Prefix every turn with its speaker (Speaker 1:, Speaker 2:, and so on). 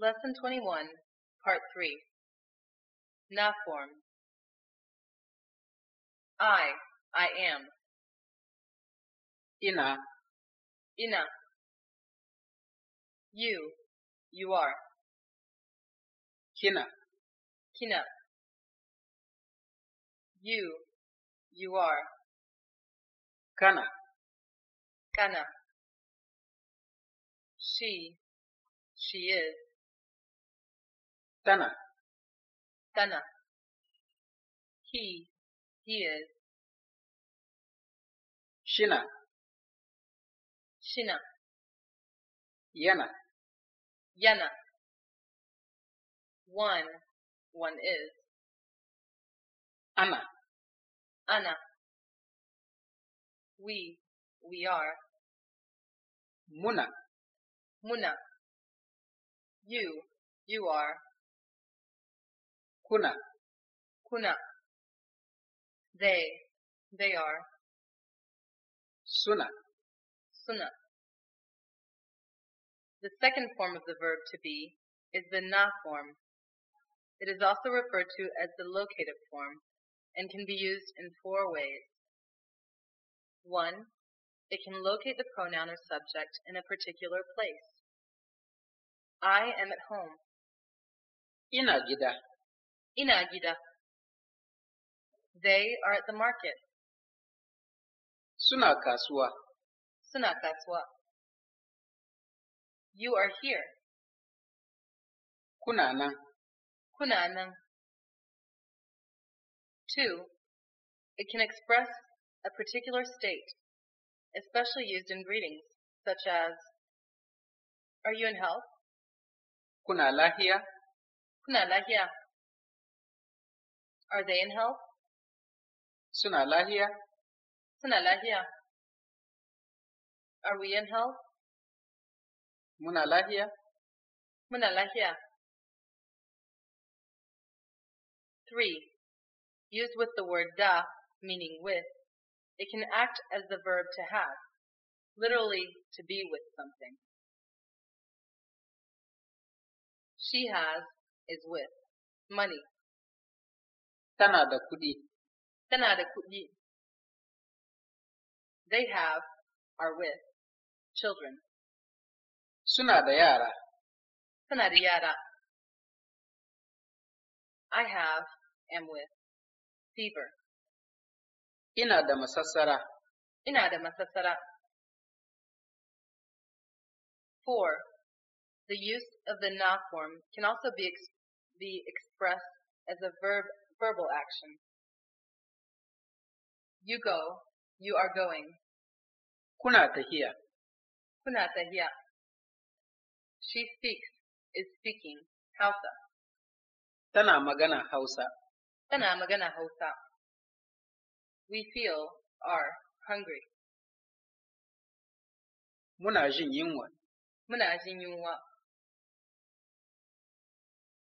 Speaker 1: Lesson 21, Part 3 Na Form I, I am. Ina. Ina. You, you are. Kina. Kina. You, you are. Kana. Kana. She, she is. Tana. Tana. He, he is. Shina. Shina. Yana. Yana. One, one is. Anna. Anna. We, we are. Muna. Muna. You, you are. Kuna. Kuna. They. They are. Suna. Suna. The second form of the verb to be is the na form. It is also referred to as the locative form and can be used in four ways. One, it can locate the pronoun or subject in a particular place. I am at home. Ina gida inagida. They are at the market. Suna kasuwa. Suna kasuwa. You are here. Kuna nan. Kuna nan. Two, it can express a particular state, especially used in greetings, such as, Are you in health? Kuna lahiya. Kuna lahiya. Are they in hell? Suna lahiya. Suna lahiya. Are we in hell? Muna lahiya. Muna lahiya. Three. Used with the word da, meaning with, it can act as the verb to have, literally to be with something. She has is with money. They have, are with, children. Suna da yara. Tana da yara. I have, am with, fever. Ina da Ina da Four, the use of the na form can also be, ex be expressed as a verb Verbal action. You go. You are going. Kuna tahiya. Kuna tahiya. She speaks. Is speaking. Hausa. Tana magana Hausa. Tana magana Hausa. We feel are hungry. Muna jin yunwa. Muna jin yunwa.